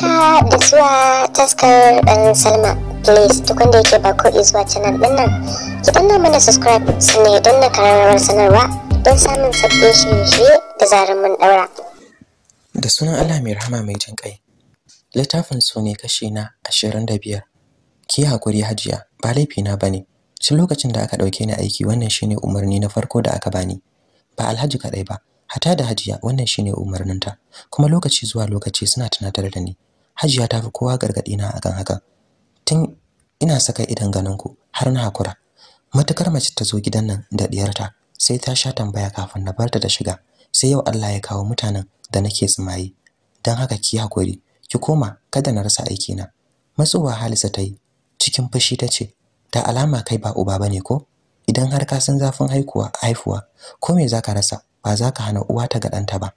haka da zuwa taskar dan salma please duk wanda yake ba ko zuwa canal din nan ki danna mana subscribe sannan ya danna karamar sanarwa don samun sabbin shirye-shirye da zarar mun daura da sunan allah mai rahama mai jin kai littafin su ne kashi na ashirin da biyar ki hakuri hajiya ba laifi na bane tun lokacin da aka ɗauke ni aiki wannan shine umarni na farko da aka bani ba alhaji kaɗai ba hata da hajiya wannan shine umarninta kuma lokaci zuwa lokaci suna tunatar da ni Hajiya ta fi kowa gargaɗi na akan hakan. Tun ina saka idan ganin ku har na hakura. Matukar mace ta zo gidan nan da diyarta sai ta sha tambaya kafin na barta da shiga. Sai yau Allah ya kawo mutanen da nake tsimayi Dan haka ki hakuri, ki koma kada na rasa aiki na. Matsuwa Halisa ta yi cikin fushi ta ce, "Da alama kai ba uba bane ko? Idan har ka san zafin haikuwa haifuwa, ko me zaka rasa? Ba za ka hana uwa ta ga ɗanta ba."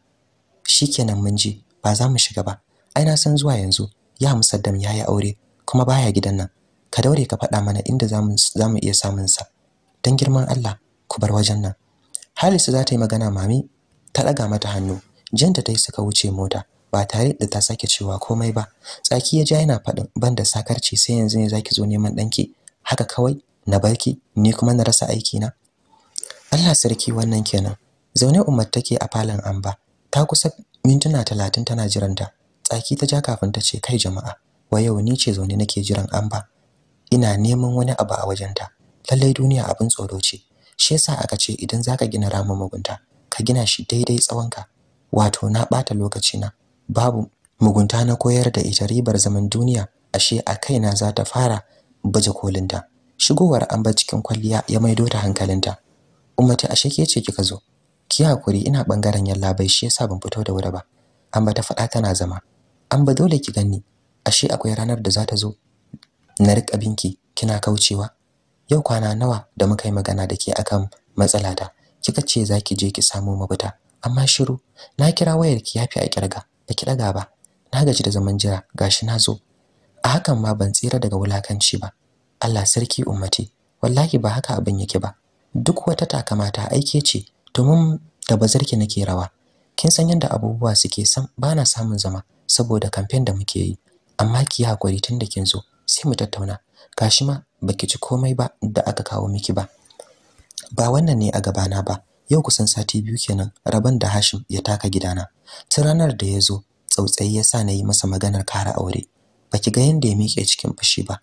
Shikenan mun ji, ba za mu shiga ba. ai na san zuwa yanzu ya musaddam ya yi aure kuma baya gidan nan ka daure ka faɗa mana inda za mu iya samun sa dan girman Allah ku bar wajen nan halisa za ta yi magana mami ta ɗaga mata hannu janta ta yi suka wuce mota ba tare da ta sake cewa komai ba tsaki ya ja yana faɗin banda sakarci sai yanzu ne zaki zo neman ɗanki haka kawai na barki ni kuma na rasa aiki na Allah sarki wannan kenan zaune umar take a falon amba ta kusa mintuna talatin tana jiranta tsaki ta ja kafin ta ce kai jama'a wa yau ni ce zaune nake jiran amba ina neman wani abu a wajenta lallai duniya abin tsoro ce shi yasa aka ce idan zaka gina ramin mugunta ka gina shi daidai tsawonka wato na bata na. babu mugunta na koyar da ita ribar zaman duniya ashe a kaina za ta fara baje kolinta shigowar amba cikin kwalliya ya maido ta hankalinta ummata ashe ke ce kika zo ki hakuri ina bangaren yalla bai shi yasa ban fito da wuri ba Amba ta faɗa tana zama an ba dole ki gani ashe akwai ranar da za ta zo na rika binki kina kaucewa yau kwana nawa da muka yi magana da ke akan matsalata kika ce za ki je ki samo mabuta amma shiru na kira wayar ki yafi a kirga ba ki daga ba na gaji da zaman jira gashi na zo a hakan ma ban tsira daga wulakanci ba Allah sarki ummati wallahi ba haka abin yake ba duk wata takamata aike ce domin da bazarki nake rawa kin san yadda abubuwa suke san bana samun zama saboda kamfen da muke yi amma ki hakuri da kin zo sai mu tattauna gashi ma baki ci komai ba da aka kawo miki ba ba wannan ne a gabana ba yau kusan sati biyu kenan rabon da Hashim ya taka gidana tun ranar da ya zo tsautsayi ya sa na yi masa maganar kara aure baki ga yanda ya miƙe cikin fushi ba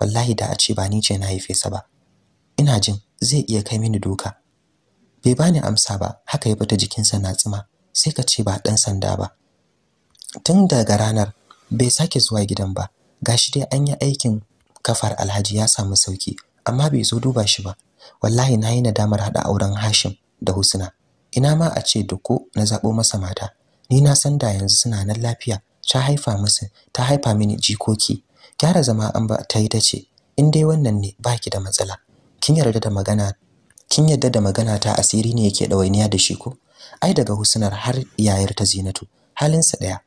wallahi da a ce ba ni ce na haife sa ba ina jin zai iya kai mini doka bai bani amsa ba haka ya fita jikinsa na tsima sai ka ce ba dan sanda ba tun daga ranar bai sake zuwa gidan ba gashi dai an yi aikin kafar alhaji ya samu sauki amma bai zo duba shi ba wallahi na yi nadamar haɗa auren hashim da husna ina ma a ce ko na zaɓo masa mata ni na san da yanzu suna nan lafiya ta haifa musu ta haifa mini jikoki gyara zama an ba ta yi ta ce in dai wannan ne ba ki da matsala kin yarda da magana kin yarda da magana ta asiri ne yake ɗawainiya da shi ko ai daga husnar har yayar ta zinatu halinsa ɗaya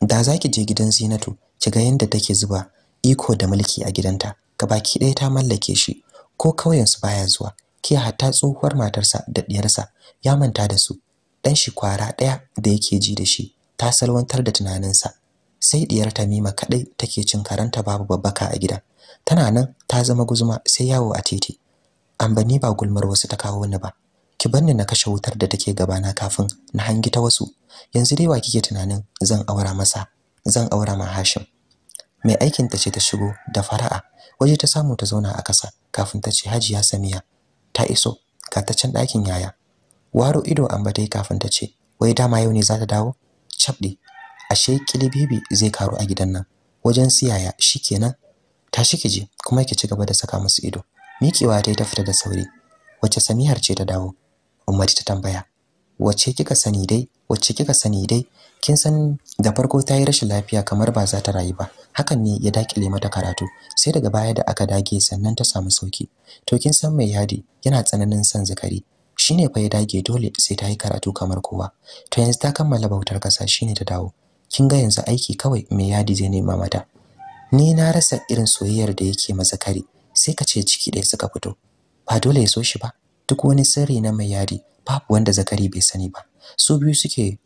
da za ki je gidan Zinatu ki ga yadda take zuba iko da mulki a gidanta gabaki ɗaya ta mallake shi ko kauyensu baya zuwa ki hatta tsohuwar matarsa da ɗiyarsa ya manta da su dan shi kwara ɗaya da yake ji da shi ta salwantar da tunaninsa sai ɗiyar Tamima kadai take cin karanta babu babbaka a gida tana nan ta zama guzuma sai yawo a titi ambani ba gulmar wasu ta kawo ni ba ki banni na kashe wutar da take gabana kafin na hangi ta wasu yanzu dai wa kike tunanin zan aura masa zan aura ma Hashim mai aikin ta ce ta shigo da fara'a waje ta samu ta zauna a kasa kafin ta ce Hajiya Samiya ta iso ka ta can ɗakin yaya waro ido an kafin ta ce wai dama yau ne za ta dawo chapdi ashe kilibibi zai karu a gidan nan wajen siyaya shikenan tashi ki je kuma ki ci gaba da saka musu ido mikewa ta ta fita da sauri wace samihar ce ta dawo Ummati ta tambaya. Wace kika sani dai? Wace kika sani dai? Kin san da farko ta yi rashin lafiya kamar ba za ta rayu ba. Hakan ne ya dakile mata karatu. Sai daga baya da aka dage sannan ta samu sauki. To kin san mai yadi yana tsananin son zakari. Shine fa ya dage dole sai ta yi karatu kamar kowa. To yanzu ta kammala bautar kasa shine ta dawo. Kin ga yanzu aiki kawai mai yadi zai nema mata. Ni na rasa irin soyayyar da yake ma zakari. Sai ka ce ciki ɗaya suka fito. Ba dole ya so shi ba. duk wani sirri na mai yadi babu wanda zakari bai sani ba su biyu suke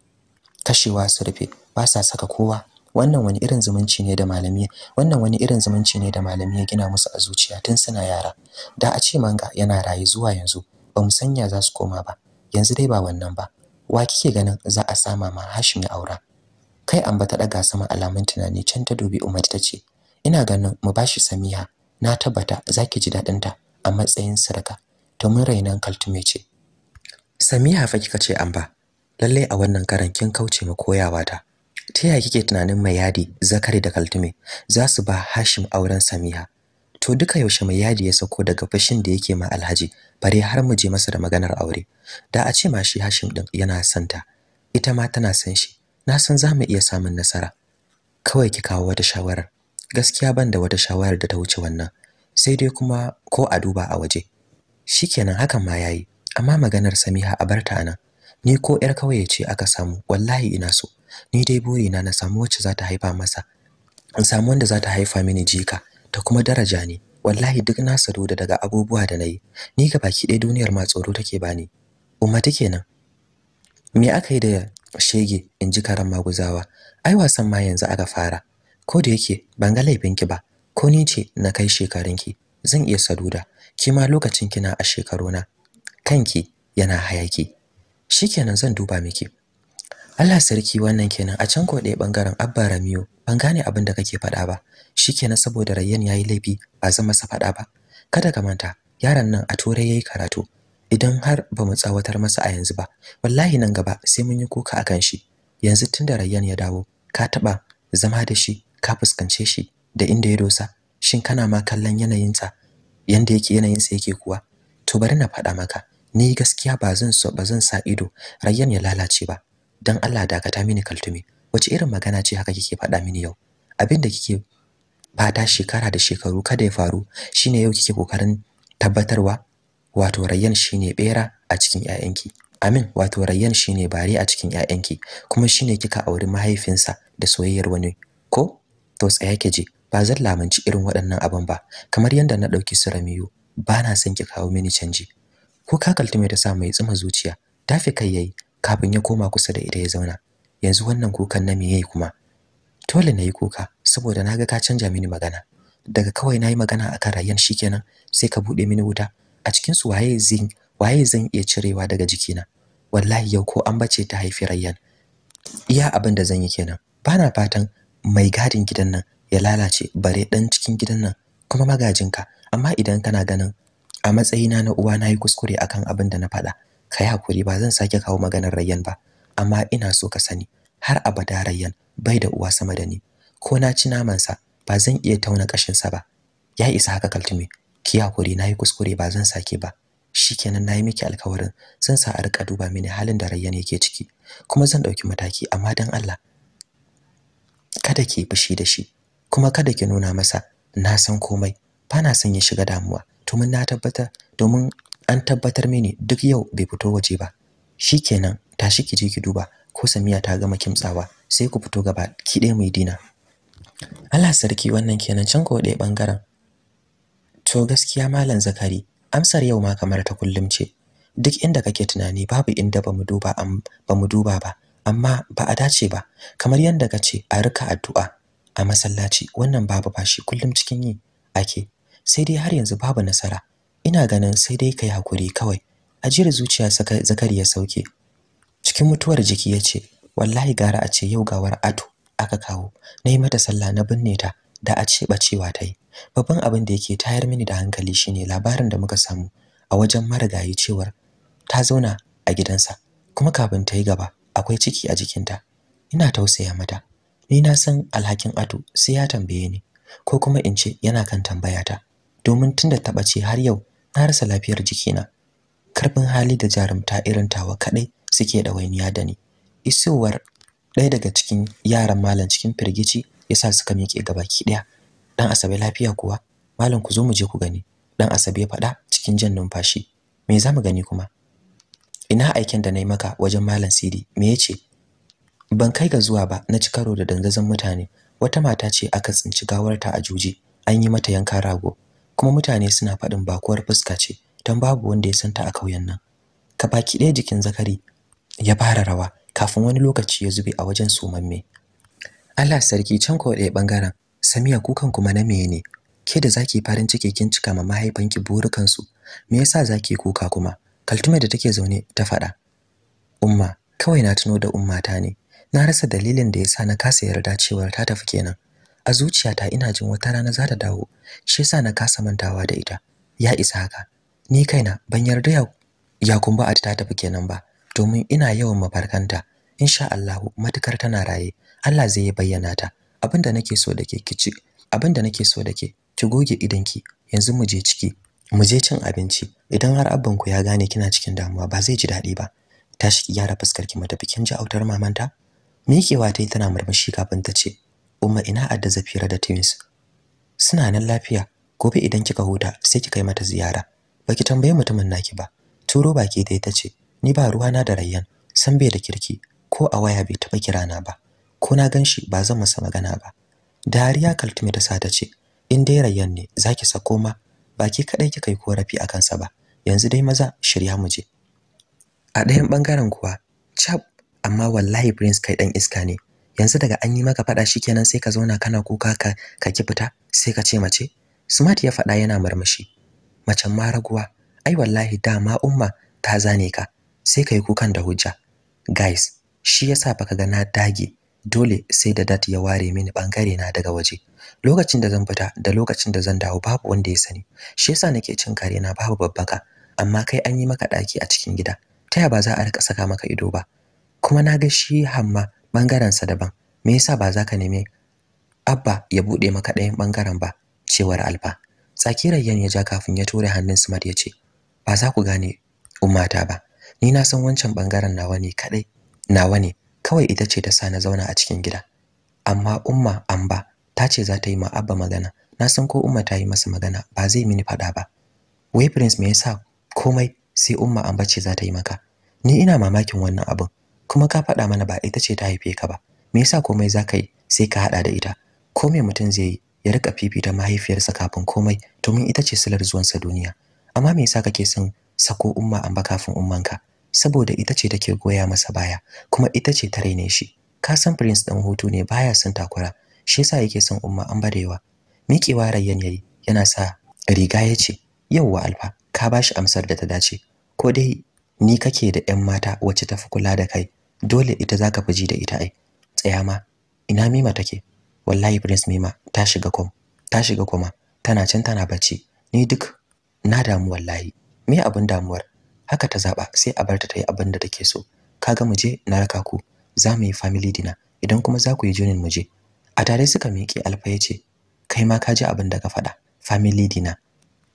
kashewa su rufe ba sa saka kowa wannan wani irin zumunci ne da malami wannan wani irin zumunci ne da malami ya gina musu a zuciya tun suna yara da a ce manga yana rayu zuwa yanzu ba mu sanya za su koma ba yanzu dai ba wannan ba wa kike ganin za a sama ma Hashim ya aura kai an bata daga sama alamun tunani can ta dubi Umar ta ce ina ganin mu bashi Samiha na tabbata zaki ji dadin ta a matsayin sirka domin rainan kaltume ce Samiha fa kika ce an ba lallai a wannan karan kin kauce ma koyawa ta ta yaya kike tunanin mai yadi zakari da kaltume za su ba Hashim auren Samiha to duka yaushe mai yadi ya sako daga fashin da yake ma Alhaji bare har mu je masa da maganar aure da a ce ma shi Hashim din yana son ta. ita ma tana son shi na san za mu iya samun nasara kawai ki kawo wata shawarar gaskiya ban da wata shawarar da ta wuce wannan sai dai kuma ko a duba a waje shikenan hakan ma yayi amma maganar Samiha a barta nan ni ko yar ya ce aka samu wallahi ina so ni dai burina na na samu wacce za ta haifa masa in samu wanda za ta haifa mini jika ta kuma daraja ne wallahi duk na saro da daga abubuwa da nayi ni ga baki ɗaya duniyar ma tsoro take bani umma take nan me aka yi da shege in ji karan maguzawa ai wasan ma yanzu aka fara ko da yake ban ga laifinki ba ko ni ce na kai shekarunki zan iya saduda kima lokacin kina a shekaru na, kanki yana hayaki shikenan zan duba miki Allah sarki wannan kenan a can ko ɗaya bangaren Abba Ramiyo ban gane abin da kake faɗa ba shikenan saboda Rayyan yayi laifi ba zan masa faɗa ba kada ka manta yaron nan a turai yayi karatu idan har ba mu tsawatar masa a yanzu ba wallahi nan gaba sai mun yi kuka akan shi yanzu tunda Rayyan ya dawo ka taba zama da shi ka fuskance shi da inda ya dosa shin kana ma kallon yanayin yanayinsa yanda yake yanayin sa yake kuwa to bari na faɗa maka ni gaskiya ba zan so ba zan sa ido rayyan ya lalace ba dan Allah dakata mini kaltumi, wace irin magana ce haka kike faɗa mini yau abinda kike fata shekara da shekaru kada ya faru shine yau kike kokarin tabbatarwa wato rayyan shine bera a cikin 'ya'yanki Amin wato Rayyan shine bare a cikin 'ya'yanki? kuma shine kika auri mahaifinsa da soyayyar wani ko to tsaya je ba zan lamunci irin waɗannan abin ba kamar yadda na ɗauki su Ramiyu ba na son ki kawo mini canji ko ka kaltume ta sa mai tsuma zuciya tafi kai yayi kafin ya koma kusa da ita ya zauna yanzu wannan kukan na me yayi kuma dole na yi kuka saboda naga ka canja mini magana daga kawai na yi magana akan rayuwar kenan, sai ka buɗe mini wuta a cikin su waye zin waye zan iya cirewa daga jikina wallahi yau ko an bace ta haifi rayyan iya abin da zan yi kenan bana fatan mai gadin gidan nan ya lalace bare dan cikin gidan nan kuma magajinka amma idan kana ganin a matsayina na uwa nayi kuskure akan abin da na faɗa kai hakuri ba zan sake kawo maganar Rayyan ba amma ina so ka sani har abada Rayyan bai da uwa sama da ni ko na ci naman sa ba zan iya tauna kashin sa ba ya isa haka kaltume ki hakuri nayi kuskure ba zan sake ba shikenan nayi miki alkawarin zan sa a rika duba mini halin da Rayyan yake ciki kuma zan dauki mataki amma dan Allah kada ki fushi da shi kuma kada ki nuna masa na san komai ba na son ya shiga damuwa to mun na tabbata domin an tabbatar mini duk yau bai fito waje ba Shi shikenan tashi ki je ki duba ko Samiya ta gama kimtsawa sai ku fito gaba ki dai mu dina Allah sarki wannan kenan can ko ɗaya bangaren to gaskiya malam Zakari amsar yau ma kamar ta kullum ce duk inda kake tunani babu inda bamu duba ba mu duba ba amma ba a dace ba kamar yadda ka ce a rika addu'a a masallaci wannan babu bashi kullum cikin yi ake sai dai har yanzu babu nasara ina ganin sai dai kai hakuri kawai ajiyar zuciya zakari ya sauke cikin mutuwar jiki ya ce wallahi gara a ce yau gawar ato aka kawo na yi mata sallah na binne ta da a ce bacewa ta yi babban abin da yake tayar mini da hankali shine labarin da muka samu a wajen marigayi cewar ta zauna a gidansa kuma kafin ta yi gaba akwai ciki a jikinta ina tausaya mata ni na san alhakin ato sai ya tambaye ni ko kuma in ce yana kan tambayata domin tunda ta ce har yau na rasa lafiyar jikina karfin hali da jarumta irin tawa kadai suke da wainiya da ni isowar ɗaya daga cikin yaran malam cikin firgici yasa suka miƙe gabaki ɗaya dan asabe lafiya kuwa malam ku zo mu je ku gani dan asabe faɗa cikin jan numfashi me za mu gani kuma ina aikin da na yi maka wajen malam sidi me ya ce? ban kai ga zuwa ba na ci karo da dandazon mutane wata mata ce aka tsinci gawarta a juji an yi mata yanka rago kuma mutane suna faɗin bakuwar fuska ce don babu wanda ya santa a kauyen nan ka baki ɗaya jikin zakari ya fara rawa kafin wani lokaci ya zube a wajen sumamme Allah sarki can ko ɗaya bangaren Samiya kukan kuma na meye ne ke da zaki farin ciki kin cika ma mahaifanki burukan su me yasa zaki kuka kuma kaltume da take zaune ta faɗa umma kawai na tuno da ummata ne na rasa dalilin da yasa na kasa yarda cewa ta tafi kenan a zuciyata ina jin wata rana za ta dawo shi yasa na kasa mantawa da ita ya isa haka ni kaina ban yarda ya kun ba ta tafi kenan ba domin ina yawan mafarkanta insha Allah matukar tana raye Allah zai yi bayyana ta abinda nake so dake kici abinda nake so dake ki goge idanki yanzu mu je ciki mu je cin abinci idan har abban ku ya gane kina cikin damuwa ba zai ji daɗi ba tashi ki gyara fuskar ki mata bikin ji autar mamanta Mikewa ta yi tana murmushi kafin ta ce, Umma ina adda zafira da Tims. Suna nan lafiya, gobe idan kika huta sai kika yi mata ziyara. Baki tambaye mutumin naki ba. Turo baki da ita ce, Ni ba ruwa na da Rayyan, san bai da kirki, ko a waya bai taɓa kirana ba. Ko na ganshi, ba zan masa magana ba. Dariya Kaltume ta sa ta ce, In dai Rayyan ne, za ki sako ma, ki kaɗai kika yi korafi a kansa ba. Yanzu dai maza shirya mu je. A ɗayan bangaren kuwa, cap amma wallahi prince kai dan iska ne yanzu daga an yi maka fada shikenan sai ka zauna kana kuka ka ka ki fita sai ka ce mace smart ya fada yana murmushi macen ma raguwa ai wallahi dama umma ta zane ka sai kai kukan da hujja guys shi yasa baka ga na dage dole sai da dat ya ware mini bangare na daga waje lokacin da zan fita da lokacin da zan dawo babu wanda ya sani shi yasa nake cin kare na babu babbaka amma kai an yi maka daki a cikin gida taya ba za a rika saka maka ido ba kuma na ga shi hamma bangaren sa daban me yasa ba za ka neme abba ya buɗe maka ɗayan bangaren ba cewar alfa tsakirayyan ya ja kafin ya tura hannun su ya ce ba za ku gane ummata ba ni na san wancan ɓangaren nawa ne kadai nawa ne kawai ita ce ta sa na zauna a cikin gida amma umma amba ta ce za ta yi ma abba magana na san ko umma ta yi masa magana ba zai mini faɗa ba wai prince me yasa komai sai umma amba ce za ta yi maka ni ina mamakin wannan abin kuma ka faɗa mana ba ita ce ta haife ka ba me yasa komai za ka yi sai ka haɗa da ita ko me mutum zai yi ya rika fifita mahaifiyarsa kafin komai domin ita ce silar zuwansa duniya amma me yasa kake son sako umma an ba kafin ka? saboda ita ce take goya masa baya kuma ita ce ta raine shi ka san prince dan hutu ne baya son takura shi yasa yake son umma an barewa miƙewa rayyan yayi yana sa riga ya ce yauwa alfa ka bashi amsar da ta dace ko dai ni kake da 'yan mata wacce fi kula da kai dole ita zaka fi ji da ita ai tsaya ma ina mima take wallahi prince mima ta shiga kom ta shiga kuma tana can tana bacci ni duk na damu wallahi me abin damuwar haka ta zaba sai a barta ta yi abin da take so kaga mu je na raka ku za mu yi family dinner idan kuma za ku yi junin mu je a tare suka miƙe alfa ya ce kai ma ka ji abin da ka faɗa family dinner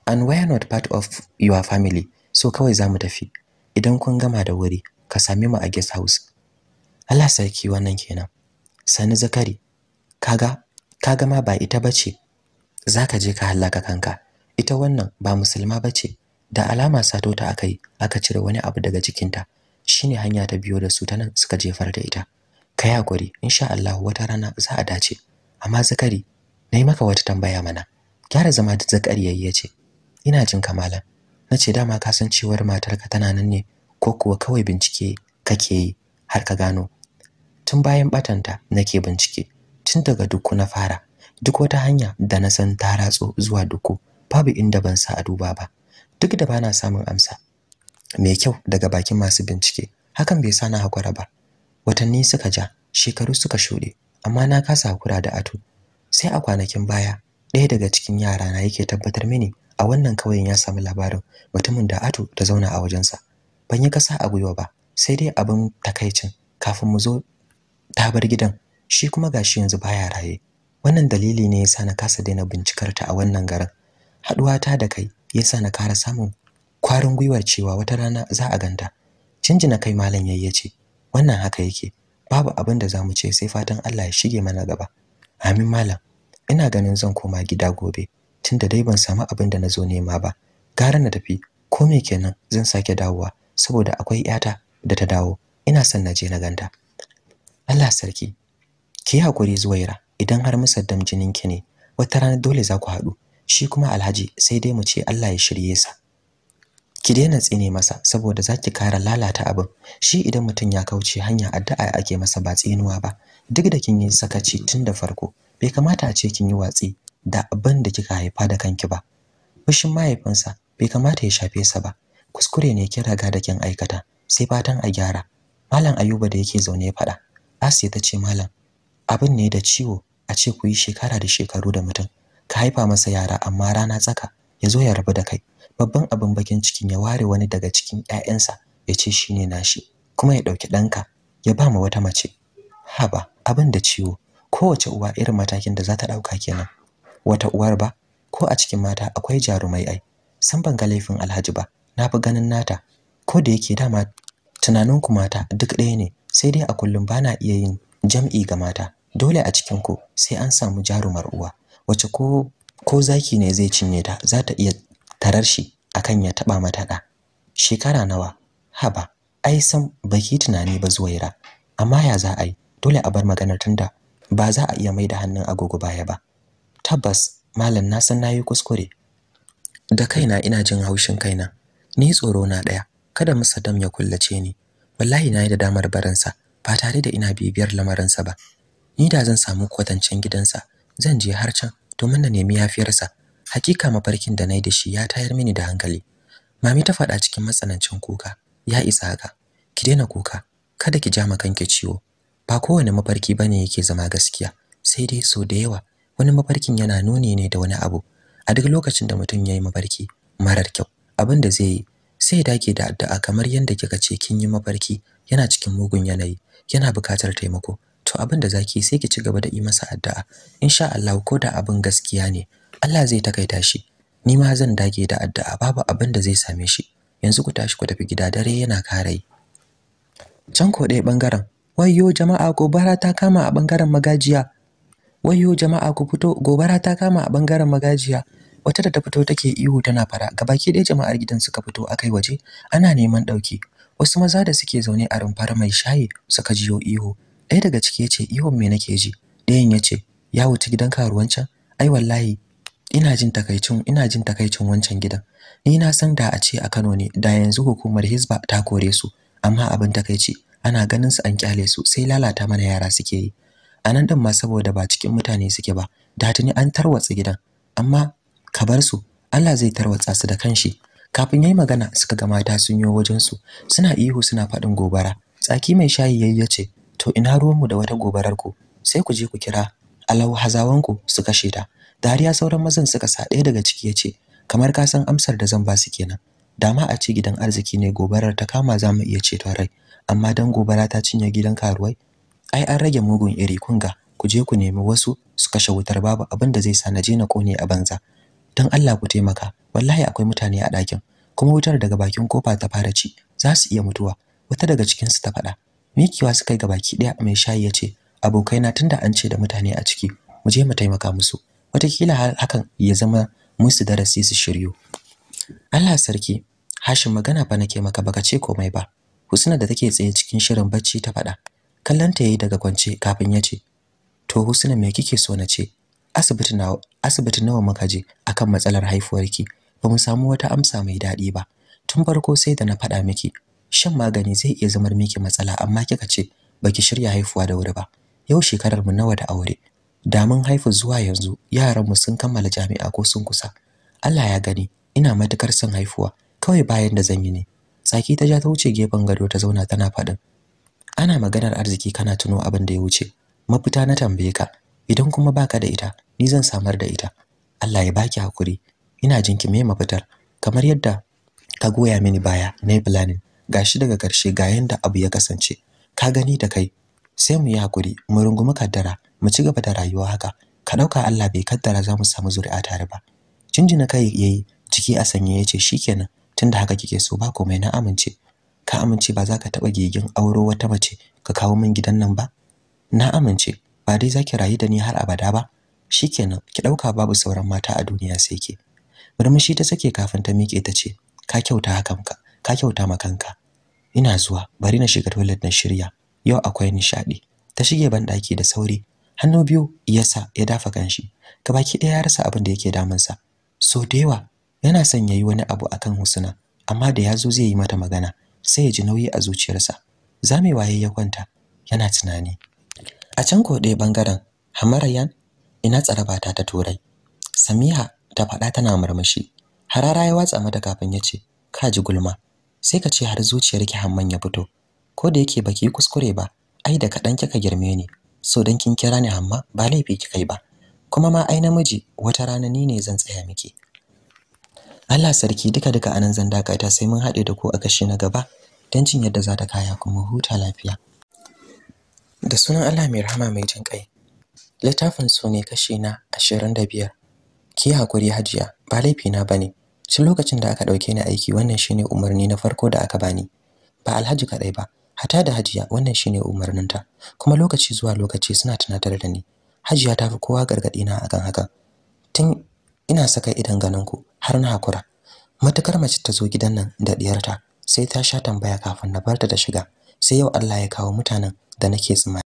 and why not part of your family so kawai za mu tafi idan kun gama da wuri ka same mu a guest house Allah sarki wannan kenan sani zakari kaga kaga ma ba ita bace zaka je ka hallaka kanka ita wannan ba musulma bace da alama sato ta akai aka cire wani abu daga jikinta shine hanya ta biyo da su ta nan suka jefar da ita kai hakuri insha Allah wata rana za a dace amma zakari nayi maka wata tambaya mana gyara zama da zakari yayi yace ina jin kamala nace dama ka san cewar matarka tana nan ne ko kuwa kawai bincike kake yi har ka gano tun bayan batanta nake bincike tun daga duku na fara duk wata hanya da na san ta ratso zuwa duku babu inda ban sa a duba ba duk da bana samun amsa mai kyau daga bakin masu bincike hakan bai sa na hakura ba watanni suka ja shekaru suka shuɗe amma na kasa hakura da ato sai a kwanakin baya ɗaya daga cikin yara na yake tabbatar mini a wannan kauyen ya samu labarin mutumin da ato ta zauna a wajensa ban yi kasa a gwiwa ba sai dai abin takaicin kafin mu zo ta bar gidan shi kuma gashi yanzu baya raye wannan dalili ne yasa na kasa daina bincikar ta a wannan garin haduwa ta da kai yasa na kara samun kwarin gwiwar cewa wata rana za a ganta na kai malam yayye ce, wannan haka yake babu abin da zamu ce sai fatan Allah ya shige mana gaba amin malam ina ganin zan koma gida gobe tunda dai ban samu abin da nazo nema ba gara na tafi ko me kenan zan sake dawowa saboda akwai yata da ta dawo ina son na je na ganta Allah sarki ki hakuri zuwaira idan har musaddam ki ne wata rana dole za ku haɗu shi kuma alhaji sai dai mu ce Allah ya shirye sa ki daina tsine masa saboda za ki kara lalata abin shi idan mutum ya kauce hanya addu'a ake masa ba tsinuwa ba duk da kin yi sakaci tun da farko bai kamata a ce kin yi watsi da abin da kika haifa da kanki ba fushin mahaifinsa bai kamata ya shafe sa ba kuskure ne kin raga da kin aikata sai fatan a gyara malam ayuba da yake zaune ya faɗa asiya ta ce malam abin ne da ciwo a ce ku yi shekara da shekaru da mutum ka haifa masa yara amma rana tsaka ya zo ya rabu da kai babban abin bakin cikin ya ware wani daga cikin ƴaƴansa ya ce shine nashi kuma ya ɗauki ɗanka ya ba ma wata mace haba abin da ciwo kowace uwa irin matakin da za ta ɗauka kenan wata uwar ba ko a cikin mata akwai jarumai ai san ban ga laifin alhaji ba na fi ganin nata ko da yake dama tunanin ku mata duk ɗaya ne sai dai a kullum bana iya yin jam'i ga mata dole a cikin ku sai an samu jarumar uwa wacce ko ko zaki ne zai cinye ta za ta iya tarar shi akan ya taba mata da shekara nawa haba ai san baki tunani ba zuwaira amma ya za a yi dole a bar maganar tunda ba za a iya mai da hannun agogo baya ba tabbas malam na san nayi kuskure da kaina ina jin haushin kaina ni tsoro na daya kada Musaddam ya kullace ni wallahi nayi da damar baransa ba tare da ina bibiyar lamarinsa ba ni da zan samu kwatancin gidansa zan je har can domin na nemi yafiyarsa hakika mafarkin da nayi da shi ya tayar mini da hankali mami ta faɗa cikin matsanancin kuka ya isa ga ki daina kuka kada ki ja ma kanki ciwo ba kowane mafarki bane yake zama gaskiya sai dai so da yawa wani mafarkin yana nuni ne da wani abu a duk lokacin da mutum yayi mafarki marar kyau abin da zai yi sai dage da addu'a kamar yadda kika ce kin yi mafarki yana cikin mugun yanayi yana buƙatar taimako to abin da zaki sai ki ci gaba da yi masa addu'a insha Allah ko da abin gaskiya ne Allah zai takaita shi ni ma zan dage da addu'a babu abin da zai same shi yanzu ku tashi ku tafi gida dare yana karai can ko ɗaya bangaren wayo jama'a gobara ta kama a bangaren magajiya wayo jama'a ku fito gobara ta kama a bangaren magajiya wata da ta fito take ihu tana fara ga baki ɗaya jama'ar gidan suka fito akai waje ana neman ɗauki wasu maza da suke zaune a rumfar mai shayi suka jiyo ihu ɗaya daga ciki ya ce ihun me nake ji ɗayan ya ce ya wuce gidan karuwan can ai wallahi ina jin takaicin ina jin takaicin wancan gidan ni na san da a ce a Kano ne da yanzu hukumar Hisba ta kore su amma abin takaici ana ganin su an kyale su sai lalata mana yara suke yi anan din ma saboda ba cikin mutane suke ba da tuni an tarwatsa gidan amma ka bar su Allah zai tarwatsa su da kanshi kafin yayi magana suka ga mata sun yi wajen su suna ihu suna faɗin gobara tsaki mai shayi yayi yace to ina ruwan mu da wata gobarar ku sai ku je ku kira alau hazawan ku su kashe ta dariya sauran mazan suka sa ɗaya daga ciki yace kamar ka san amsar da zan ba su kenan dama a ce gidan arziki ne gobarar ta kama za mu iya ceton rai amma dan gobara ta cinye gidan karuwai ai an rage mugun iri kunga ku je ku nemi wasu su kashe wutar babu abin da zai sa na je na kone a banza don Allah ku taimaka wallahi akwai mutane a ɗakin kuma wutar daga bakin kofa ta fara ci za su iya mutuwa wata daga cikin su ta faɗa mikiwa suka yi gabaki ɗaya mai shayi ya ce na tunda an ce da mutane a ciki mu je mu taimaka musu watakila hakan ya zama musu darasi su shiryu Allah sarki hashin magana fa nake maka baka ce komai ba Husna da take tsaye cikin shirin bacci ta faɗa kallanta yayi daga kwance kafin ya ce to Husna me kike so na ce asibiti na asibiti nawa muka je akan matsalar haifuwarki ba mu samu wata amsa mai daɗi ba tun farko sai da na faɗa miki shan magani zai iya zamar miki matsala amma kika ce baki shirya haifuwa da wuri ba yau shekarar mu nawa da aure da mun haifu zuwa yanzu yaran mu sun kammala jami'a ko sun kusa Allah ya gani ina matukar son haifuwa kawai bayan da zan yi ne saki ta ja ta wuce gefen gado ta zauna tana faɗin ana maganar arziki kana tuno abin da ya wuce mafita na tambaye ka idan kuma baka da ita ni zan samar da ita Allah ya baki hakuri ina jinki me mafitar kamar yadda ka goya mini baya nayi planning gashi daga karshe ga yanda abu ya kasance ka gani da kai sai mu yi hakuri mu rungumi kaddara mu ci gaba da rayuwa haka ka dauka Allah bai kaddara za mu samu zuri'a tare ba jinjina kai yayi ciki a sanye yace shikenan tunda haka kike so ba komai na amince ka amince ba za ka taba gigin auro wata mace ka kawo min gidan nan ba na amince ba dai zaki rayu da ni har abada ba shikenan ki dauka babu sauran mata a duniya sai ke murmushi ta sake kafin ta miƙe ta ce ka kyauta hakan ka ka kyauta ma ka. ina zuwa bari na shiga toilet na shirya yau akwai nishadi ta shige ban daki da sauri hannu biyu yasa ya dafa kanshi baki ɗaya ya rasa abin da yake damunsa so da yawa yana son yayi wani abu akan Husna amma da yazo zai yi mata magana sai ya ji nauyi a zuciyarsa zame waye ya kwanta yana tunani a can ko ɗaya bangaren Hamarayan ina tsarabata ta turai samiha ta faɗa tana murmushi harara ya watsa mata kafin ya ce ka ji gulma sai ka ce har zuciyar ki, hamman ya fito ko da yake baki kuskure ba ai da kaɗan kika girme ni so dan kin kira ni hamma ba laifi kika kai ba kuma ma ai namiji wata rana ni ne zan tsaya miki Allah sarki duka duka anan zan ita, sai mun haɗe da ku a kashi na gaba dan jin yadda za ta kaya kuma huta lafiya da sunan Allah mai rahama mai jin kai littafin su ne kashi na ashirin da biyar ki hakuri hajiya ba na ba ne tun lokacin da aka ɗauke ni aiki wannan shine umarni na farko da aka bani ba alhaji kaɗai ba hata da hajiya wannan shine umarninta kuma lokaci zuwa lokaci suna tunatar da ni hajiya ta fi kowa gargaɗi na akan hakan tun ina saka idan ganin ku har na hakura matukar mace ta zo gidan nan da ɗiyarta, sai ta sha tambaya kafin na barta da shiga sai yau Allah ya kawo mutanen da nake tsammani